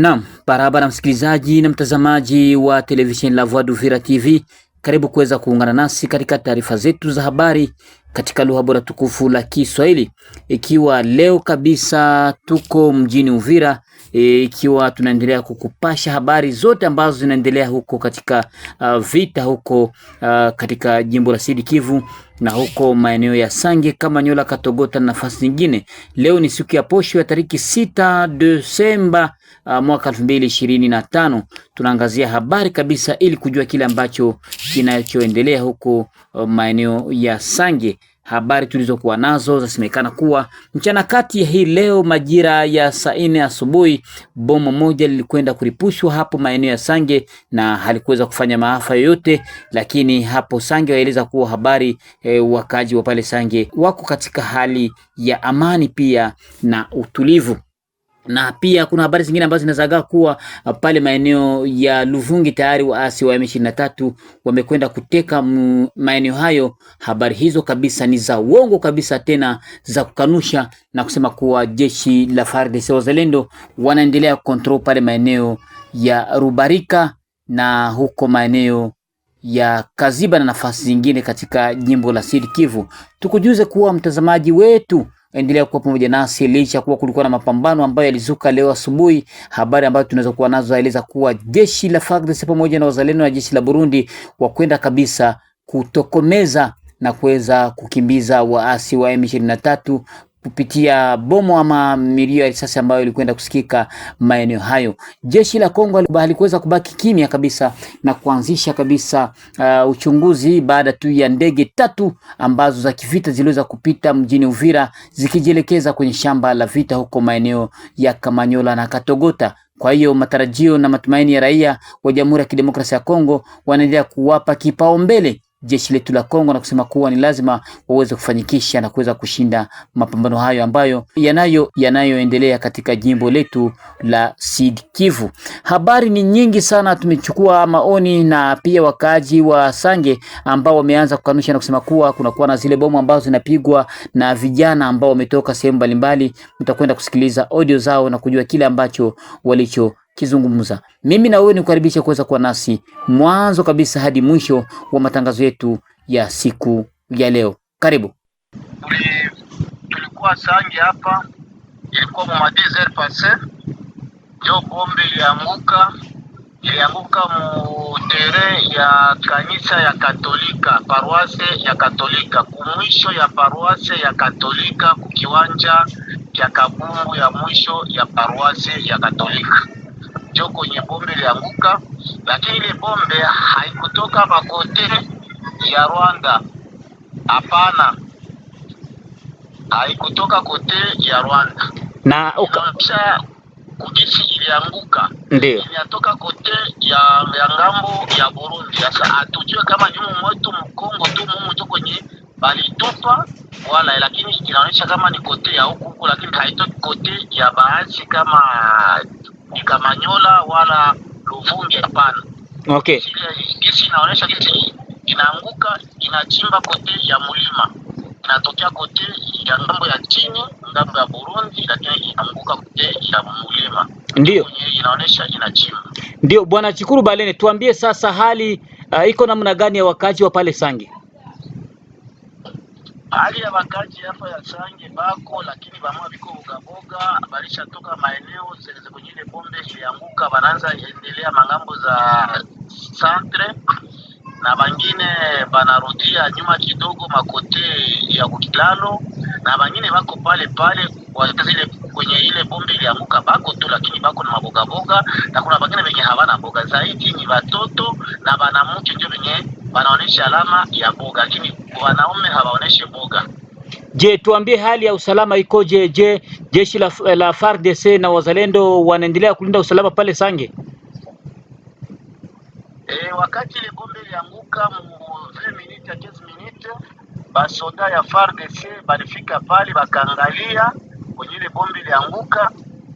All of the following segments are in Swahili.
Naam, barabara msikilizaji na mtazamaji wa televisheni La Voix d'Uvira TV, karibu kuweza kuungana nasi katika taarifa zetu za habari katika lugha bora tukufu la Kiswahili, ikiwa leo kabisa tuko mjini Uvira e, ikiwa tunaendelea kukupasha habari zote ambazo zinaendelea huko katika uh, vita huko uh, katika jimbo la Sidi Kivu na huko maeneo ya Sange, Nyola, Katogota na nafasi nyingine. Leo ni siku ya posho ya tariki sita Desemba uh, mwaka 2025. Tunaangazia habari kabisa ili kujua kile ambacho kinachoendelea huko uh, maeneo ya Sange Habari tulizokuwa nazo zasemekana kuwa mchana kati ya hii leo majira ya saa nne asubuhi bomu moja lilikwenda kuripushwa hapo maeneo ya Sange na halikuweza kufanya maafa yoyote, lakini hapo Sange waeleza kuwa habari e, wakaji wa pale Sange wako katika hali ya amani pia na utulivu na pia kuna habari zingine ambazo zinazaga kuwa uh, pale maeneo ya Luvungi tayari waasi wa M23 wamekwenda kuteka maeneo hayo. Habari hizo kabisa ni za uongo kabisa, tena za kukanusha na kusema kuwa jeshi la FARDC wazalendo wanaendelea kontrol pale maeneo ya Rubarika na huko maeneo ya Kaziba na nafasi zingine katika jimbo la Sud Kivu. Tukujuze kuwa mtazamaji wetu endelea kuwa pamoja nasi licha kuwa kulikuwa na mapambano ambayo yalizuka leo asubuhi. Habari ambayo tunaweza kuwa nazo aeleza kuwa jeshi la FARDC pamoja na wazalendo na jeshi la Burundi wakwenda kabisa kutokomeza na kuweza kukimbiza waasi wa M23 kupitia bomu ama milio ya risasi ambayo ilikwenda kusikika maeneo hayo. Jeshi la Kongo halikuweza kubaki kimya kabisa na kuanzisha kabisa uh, uchunguzi baada tu ya ndege tatu ambazo za kivita ziliweza kupita mjini Uvira zikijielekeza kwenye shamba la vita huko maeneo ya Kamanyola na Katogota. Kwa hiyo matarajio na matumaini ya raia wa Jamhuri ya Kidemokrasia ya Kongo wanaendelea kuwapa kipaumbele jeshi letu la Kongo na kusema kuwa ni lazima waweze kufanikisha na kuweza kushinda mapambano hayo ambayo yanayo yanayoendelea katika jimbo letu la Sud Kivu. Habari ni nyingi sana, tumechukua maoni na pia wakaaji wa Sange ambao wameanza kukanusha na kusema kuwa kunakuwa na zile bomu ambazo zinapigwa na vijana ambao wametoka sehemu mbalimbali. Mtakwenda kusikiliza audio zao na kujua kile ambacho walicho kizungumza. Mimi na wewe nikukaribisha kuweza kuwa nasi mwanzo kabisa hadi mwisho wa matangazo yetu ya siku ya leo. Karibu. Tulikuwa Sange hapa, ilikuwa mwa desert passe, ndio bombe ilianguka, ilianguka mu tere ya kanisa ya Katolika, paroisse ya Katolika, kumwisho ya paroisse ya Katolika, kukiwanja ya kabumbu ya mwisho ya paroisse ya Katolika njo kwenye bombe ilianguka, lakini ile bombe haikutoka makote ya Rwanda. Hapana, haikutoka kote ya Rwanda na ukapisha kujisi ilianguka, ndio inatoka kote ya, ya ngambo ya Burundi. Sasa hatujue kama nyumu mwetu mkongo tu mumu tu kwenye balitupa wala, lakini inaonyesha kama ni kote ya huku huku, lakini haitoki kote ya baadhi kama ni Kamanyola wala Luvungi, hapana. Okay. Gesi inaonyesha gesi inaanguka inachimba kote ya mlima inatokea kote ya ngambo ya chini ngambo ya Burundi, lakini inaanguka kote ya mlima ndio inaonyesha inachimba. Ndio bwana Chikuru Balene, tuambie sasa hali uh, iko namna gani ya wakazi wa pale Sange? Hali ya wakazi hapa ya Sange bako, lakini bamwa viko bogaboga, balishatoka maeneo zenye banaanza endelea mangambo za centre na bangine banarudia nyuma kidogo makote ya kukilalo na bangine bako pale pale wazile kwenye ile bombe ilianguka bako tu, lakini bako na mabogaboga, na kuna bangine venye hawana boga zaidi, ni watoto na banamuke njo venye banaonesha alama ya boga, lakini wanaume hawaoneshi Je, tuambie hali ya usalama ikoje? Je, jeshi la, la FARDC na wazalendo wanaendelea kulinda usalama pale Sange? E, wakati ile bombe ilianguka minute minute, basoda ya FARDC balifika pale bakaangalia kwenye ile bombe ilianguka,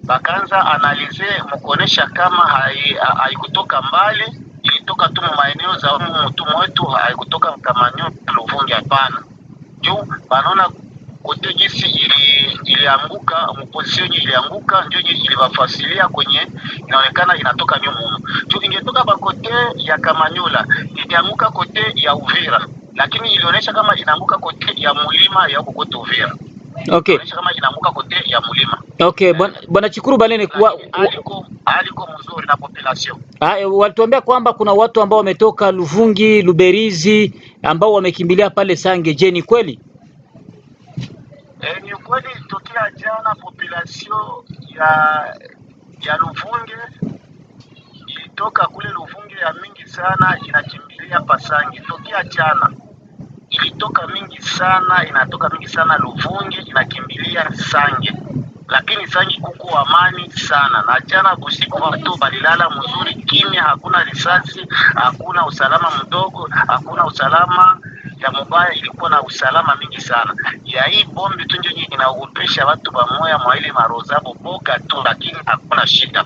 bakaanza analize mkuonesha kama haikutoka hai mbali, ilitoka tu maeneo za mtumo wetu, haikutoka kama Luvungi, hapana juu banaona kote gisi ili, ilianguka mposition yenye ilianguka ndio yenye ilivafasilia kwenye inaonekana inatoka nyuma tu, ingetoka bakote ya Kamanyola ilianguka kote ya Uvira, lakini ilionyesha kama inaanguka kote ya mulima ya huko kote Uvira. Okay. Kama inaanguka kote ya mulima. Okay, bwana eh, bwana Chikuru Balene kwa aliko aliko mzuri na population. Ah, eh, walituambia kwamba kuna watu ambao wametoka Luvungi, Luberizi ambao wamekimbilia pale Sange. Je, ni kweli? E, ni ukweli ilitokea jana population ya ya Luvunge ilitoka kule Luvunge ya mingi sana inakimbilia Pasangi. Tokea jana ilitoka mingi sana inatoka mingi sana Luvunge inakimbilia Sange, lakini Sange kuko amani sana. Na jana usiku watu balilala mzuri, kimya, hakuna risasi, hakuna usalama mdogo, hakuna usalama ya mubaya ilikuwa na usalama mingi sana. Ya hii bombi tu ndio inaogopesha watu bamoya mwa ile maroza tu, lakini hakuna shida.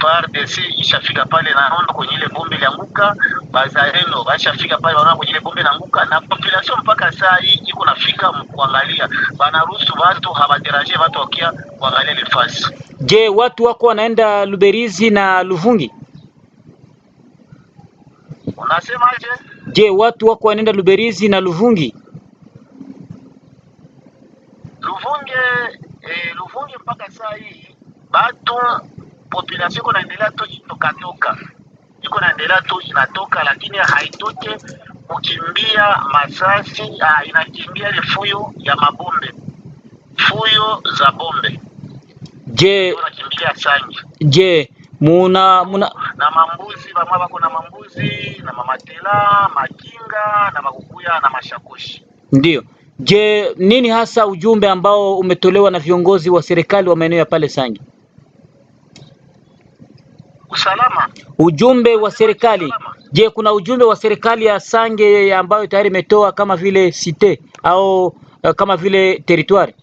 FARDC ishafika pale, naona kwenye ile bombe lianguka, bazareno bashafika pale, naona kwenye ile bombe naanguka, na population mpaka saa hii iko nafika kuangalia, banaruhusu watu hawaderaje watu wakia kuangalia ile fasi. Je, watu wako wanaenda Luberizi na Luvungi, unasemaje? Je, watu wako wanaenda Luberizi na Luvungi? Luvungi, eh, Luvungi mpaka saa hii batu population iko naendelea tu tokatoka, iko naendelea tu inatoka, lakini haitoke kukimbia masasi, ah, inakimbia ile fuyo ya mabombe, fuyo za bombe. Je, unakimbia sangi? je muna muna na mambuzi vamwe vako na mambuzi na mamatela makinga na makukuya na mashakoshi. Ndiyo. Je, nini hasa ujumbe ambao umetolewa na viongozi wa serikali wa maeneo ya pale Sange? Usalama. Ujumbe wa serikali. Usalama. Je, kuna ujumbe wa serikali ya Sange ambayo tayari imetoa kama vile site au eh, kama vile territoire?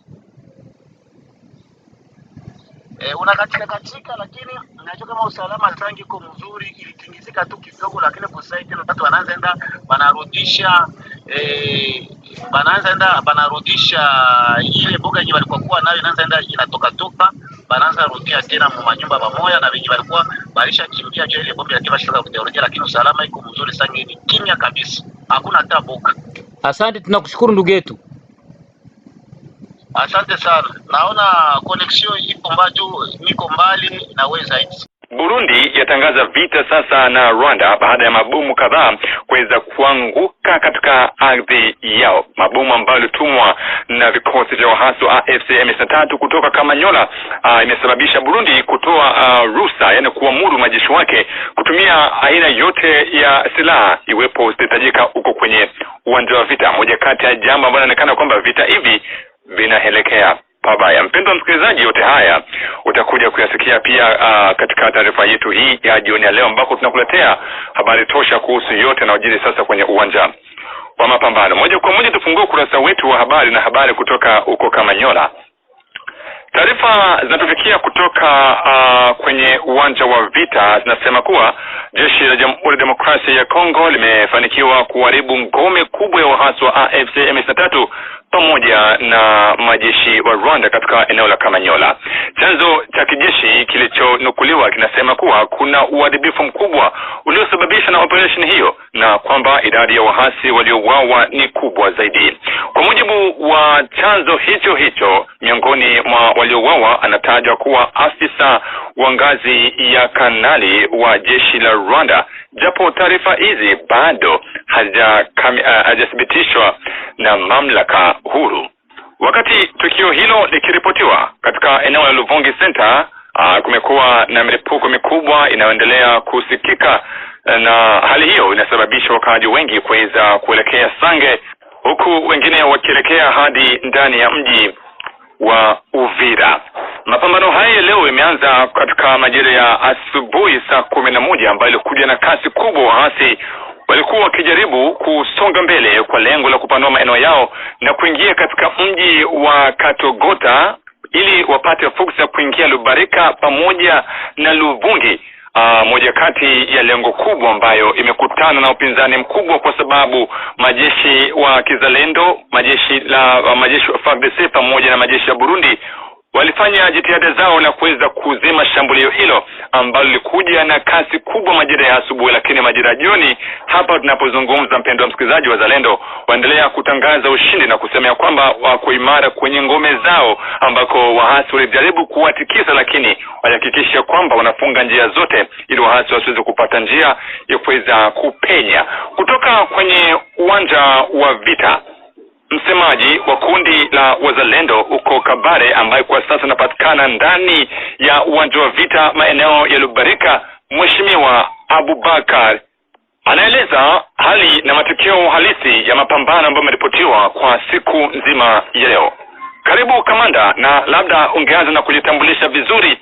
E, eh, unakatika katika, lakini najua kama usalama tangi iko mzuri, ilitingizika tu kidogo, lakini kusaidi watu wanaanza enda wanarudisha e, eh, banaanza enda wanarudisha ile boga yenye walikuwa kuwa nayo inaanza enda inatoka toka, wanaanza rudia tena mu manyumba pamoja na wenye walikuwa barisha kimbia kwa ile ya yakiwa shaka kuteolojia, lakini usalama iko mzuri sangi, ni kimya kabisa, hakuna hata boga. Asante, tunakushukuru ndugu yetu. Asante sana, naona connection ipo mbaju, niko mbali naweza hizi. Burundi yatangaza vita sasa na Rwanda baada ya mabomu kadhaa kuweza kuanguka katika ardhi yao, mabomu ambayo yalitumwa na vikosi vya waasi wa AFC M23 kutoka Kamanyola. Uh, imesababisha Burundi kutoa uh, ruhusa, yani kuamuru majeshi wake kutumia aina yote ya silaha iwepo zitahitajika huko kwenye uwanja wa vita, moja kati ya jambo ambalo inaonekana kwamba vita hivi vinaelekea pabaya. Mpendwa msikilizaji, yote haya utakuja kuyasikia pia uh, katika taarifa yetu hii ya jioni ya leo, ambako tunakuletea habari tosha kuhusu yote yanayojiri sasa kwenye uwanja wa mapambano. Moja kwa moja tufungue ukurasa wetu wa habari na habari kutoka huko Kamanyola. Taarifa zinatufikia kutoka uh, kwenye uwanja wa vita zinasema kuwa jeshi la Jamhuri ya Demokrasia ya Kongo limefanikiwa kuharibu ngome kubwa ya waasi wa AFC M23 pamoja na majeshi wa Rwanda katika eneo la Kamanyola. Chanzo cha kijeshi kilichonukuliwa kinasema kuwa kuna uharibifu mkubwa uliosababishwa na operesheni hiyo na kwamba idadi ya wahasi waliouawa ni kubwa zaidi. Kwa mujibu wa chanzo hicho hicho, miongoni mwa waliouawa anatajwa kuwa afisa wa ngazi ya kanali wa jeshi la Rwanda japo taarifa hizi bado hazijathibitishwa eh, na mamlaka huru. Wakati tukio hilo likiripotiwa katika eneo la Luvungi Center, ah, kumekuwa na milipuko mikubwa inayoendelea kusikika, eh, na hali hiyo inasababisha wakaaji wengi kuweza kuelekea Sange, huku wengine wakielekea hadi ndani ya mji wa Uvira. Mapambano haya leo imeanza katika majira ya asubuhi saa kumi na moja ambayo ilikuja na kasi kubwa. Waasi walikuwa wakijaribu kusonga mbele kwa lengo la kupanua maeneo yao na kuingia katika mji wa Katogota ili wapate fursa ya kuingia Lubarika pamoja na Luvungi. Uh, moja kati ya lengo kubwa ambayo imekutana na upinzani mkubwa kwa sababu majeshi wa kizalendo majeshi la majeshi wa FARDC pamoja na majeshi ya Burundi walifanya jitihada zao na kuweza kuzima shambulio hilo ambalo lilikuja na kasi kubwa majira ya asubuhi, lakini majira jioni, hapa tunapozungumza, mpendwa msikilizaji, wa zalendo waendelea kutangaza ushindi na kusema ya kwamba wako imara kwenye ngome zao, ambako waasi walijaribu kuwatikisa, lakini walihakikisha kwamba wanafunga njia zote ili waasi wasiweze kupata njia ya kuweza kupenya kutoka kwenye uwanja wa vita. Msemaji wa kundi la wazalendo huko Kabare, ambaye kwa sasa anapatikana ndani ya uwanja wa vita maeneo ya Lubarika, Mheshimiwa Abubakar anaeleza hali na matukio halisi ya mapambano ambayo yameripotiwa kwa siku nzima ya leo. Karibu kamanda, na labda ungeanza na kujitambulisha vizuri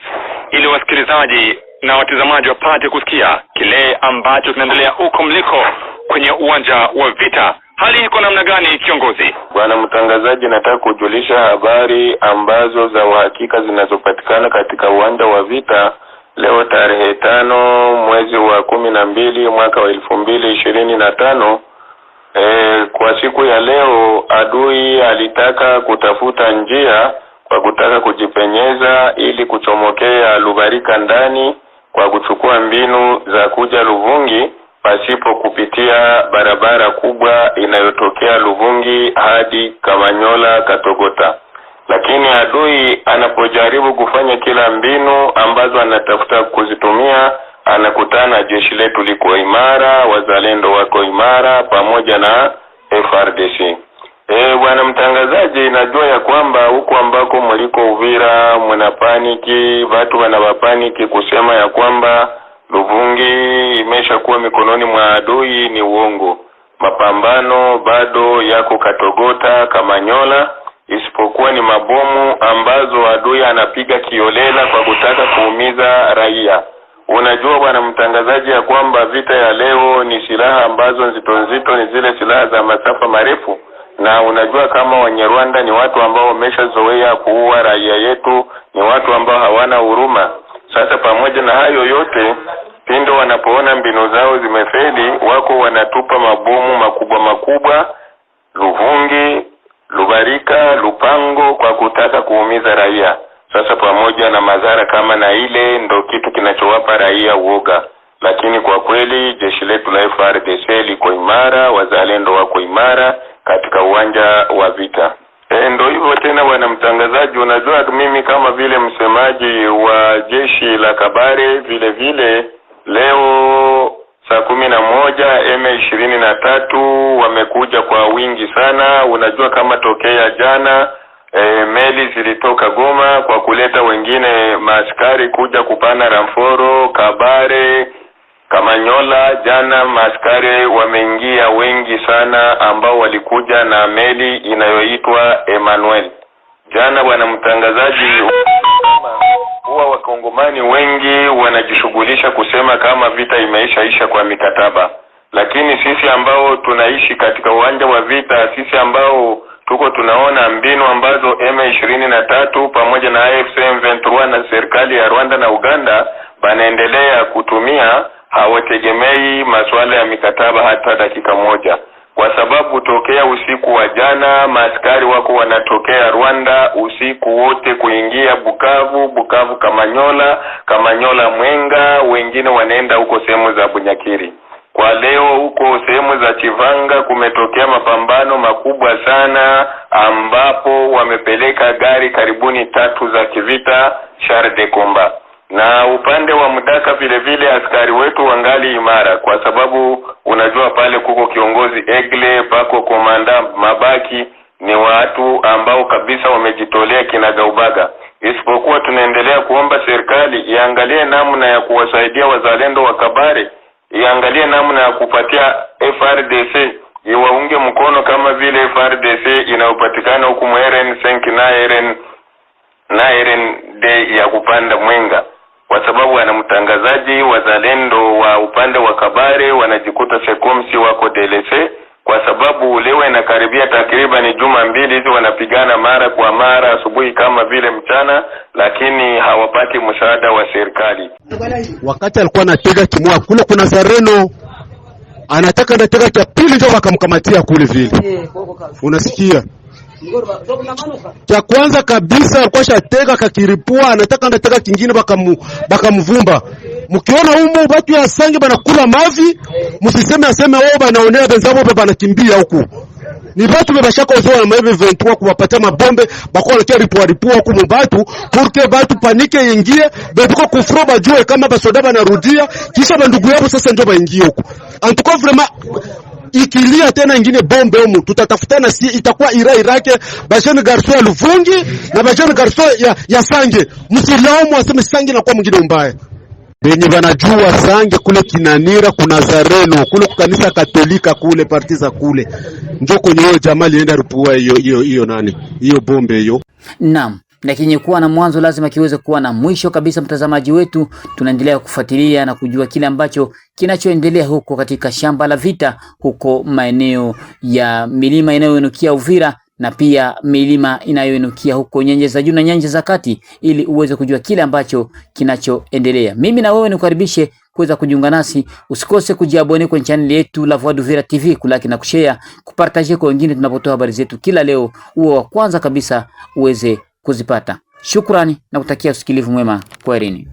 ili wasikilizaji na watazamaji wapate kusikia kile ambacho kinaendelea huko mliko kwenye uwanja wa vita hali iko namna gani, kiongozi? Bwana mtangazaji, nataka kujulisha habari ambazo za uhakika zinazopatikana katika uwanja wa vita leo tarehe tano mwezi wa kumi na mbili mwaka wa elfu mbili ishirini na tano. E, kwa siku ya leo adui alitaka kutafuta njia kwa kutaka kujipenyeza ili kuchomokea Lubarika ndani kwa kuchukua mbinu za kuja Luvungi pasipo kupitia barabara kubwa inayotokea Luvungi hadi Kamanyola Katogota. Lakini adui anapojaribu kufanya kila mbinu ambazo anatafuta kuzitumia, anakutana jeshi letu liko imara, wazalendo wako imara, pamoja na FRDC. E, bwana mtangazaji, najua ya kwamba huko ambako mliko Uvira mnapaniki, watu wanawapaniki kusema ya kwamba Luvungi imeshakuwa mikononi mwa adui ni uongo. Mapambano bado yako Katogota, Kamanyola, isipokuwa ni mabomu ambazo adui anapiga kiolela kwa kutaka kuumiza raia. Unajua bwana mtangazaji, ya kwamba vita ya leo ni silaha ambazo nzito nzito, ni zile silaha za masafa marefu, na unajua kama Wanyarwanda ni watu ambao wameshazoea kuua raia yetu, ni watu ambao hawana huruma. Sasa pamoja na hayo yote, pindo wanapoona mbinu zao zimefeli, wako wanatupa mabomu makubwa makubwa Luvungi, Lubarika, Lupango kwa kutaka kuumiza raia. Sasa pamoja na madhara kama na ile, ndo kitu kinachowapa raia uoga, lakini kwa kweli jeshi letu la frdc liko imara, wazalendo wako imara katika uwanja wa vita. E, eh, ndo hivyo tena bwana mtangazaji, unajua mimi kama vile msemaji wa jeshi la Kabare vile vile leo saa kumi na moja M ishirini na tatu wamekuja kwa wingi sana. Unajua kama tokea jana e, meli zilitoka Goma kwa kuleta wengine maaskari kuja kupana ramforo Kabare Kamanyola jana maaskari wameingia wengi sana, ambao walikuja na meli inayoitwa Emmanuel. Jana bwana mtangazaji, huwa wakongomani wengi wanajishughulisha kusema kama vita imeishaisha kwa mikataba, lakini sisi ambao tunaishi katika uwanja wa vita, sisi ambao tuko tunaona mbinu ambazo M23 pamoja na AFC M23 na serikali ya Rwanda na Uganda banaendelea kutumia hawategemei masuala ya mikataba hata dakika moja, kwa sababu tokea usiku wa jana maaskari wako wanatokea Rwanda usiku wote kuingia Bukavu, Bukavu Kamanyola, Kamanyola Mwenga, wengine wanaenda huko sehemu za Bunyakiri. Kwa leo huko sehemu za Chivanga kumetokea mapambano makubwa sana, ambapo wamepeleka gari karibuni tatu za kivita char de combat na upande wa mdaka vile vile askari wetu wangali imara, kwa sababu unajua pale kuko kiongozi Egle, pako komanda Mabaki, ni watu ambao kabisa wamejitolea kinagaubaga. Isipokuwa tunaendelea kuomba serikali iangalie namna ya kuwasaidia wazalendo wa Kabare, iangalie namna ya kupatia FRDC iwaunge mkono kama vile FRDC inayopatikana huku mrn senki na eren na eren de ya kupanda mwenga kwa sababu ana mtangazaji wazalendo wa upande wa Kabare wanajikuta sekomsi wako DLC kwa sababu leo inakaribia takriban juma mbili hizi wanapigana mara kwa mara, asubuhi kama vile mchana, lakini hawapati msaada wa serikali. Wakati alikuwa anapiga kimoa kule, kuna zareno anataka nataka cha pili ndio wakamkamatia kule vile, eh, unasikia cha kwanza kabisa alikuwa shateka kakiripua, anataka andateka kingine, bakamvumba baka mkiona umo watu ya sangi banakula mavi, msiseme aseme wao oh, banaonea benzabo ba banakimbia huku. Ni watu batu bebashaka ozoa na maebe 23 kubapatia mabombe bako walekia ripua ripua huku mbatu kurke watu panike ingie betuko kufro bajue kama basoda banarudia kisha bandugu yabo sasa ndio baingie huku. Antuko vraiment ikilia tena ingine bombe humu, tutatafutana si itakuwa ira irake bajene garso ya Luvungi na bajene garso ya, ya Sange. Msilaumu aseme Sange na kwa mwingine mbaya benye banajua Sange kule Kinanira kuna zareno kule kukanisa Katolika kule partiza kule njo kwenye hiyo jamaa lienda rupua hiyo hiyo hiyo nani hiyo bombe hiyo. Naam na kenye kuwa na mwanzo lazima kiweze kuwa na mwisho kabisa. Mtazamaji wetu, tunaendelea kufuatilia na kujua kile ambacho kinachoendelea huko katika shamba la vita huko maeneo ya milima inayoinukia Uvira na pia milima inayoinukia huko nyanja za juu na nyanja za kati, ili uweze kujua kile ambacho kinachoendelea. Mimi na wewe nikukaribishe kuweza kujiunga nasi. Usikose kujiabone kwenye chaneli yetu La Voix d'Uvira TV, kulaki na kushare, kupartaje kwa wengine tunapotoa habari zetu kila leo, uwe wa kwanza kabisa uweze kuzipata. Shukrani na kutakia usikilivu mwema. Kwaherini.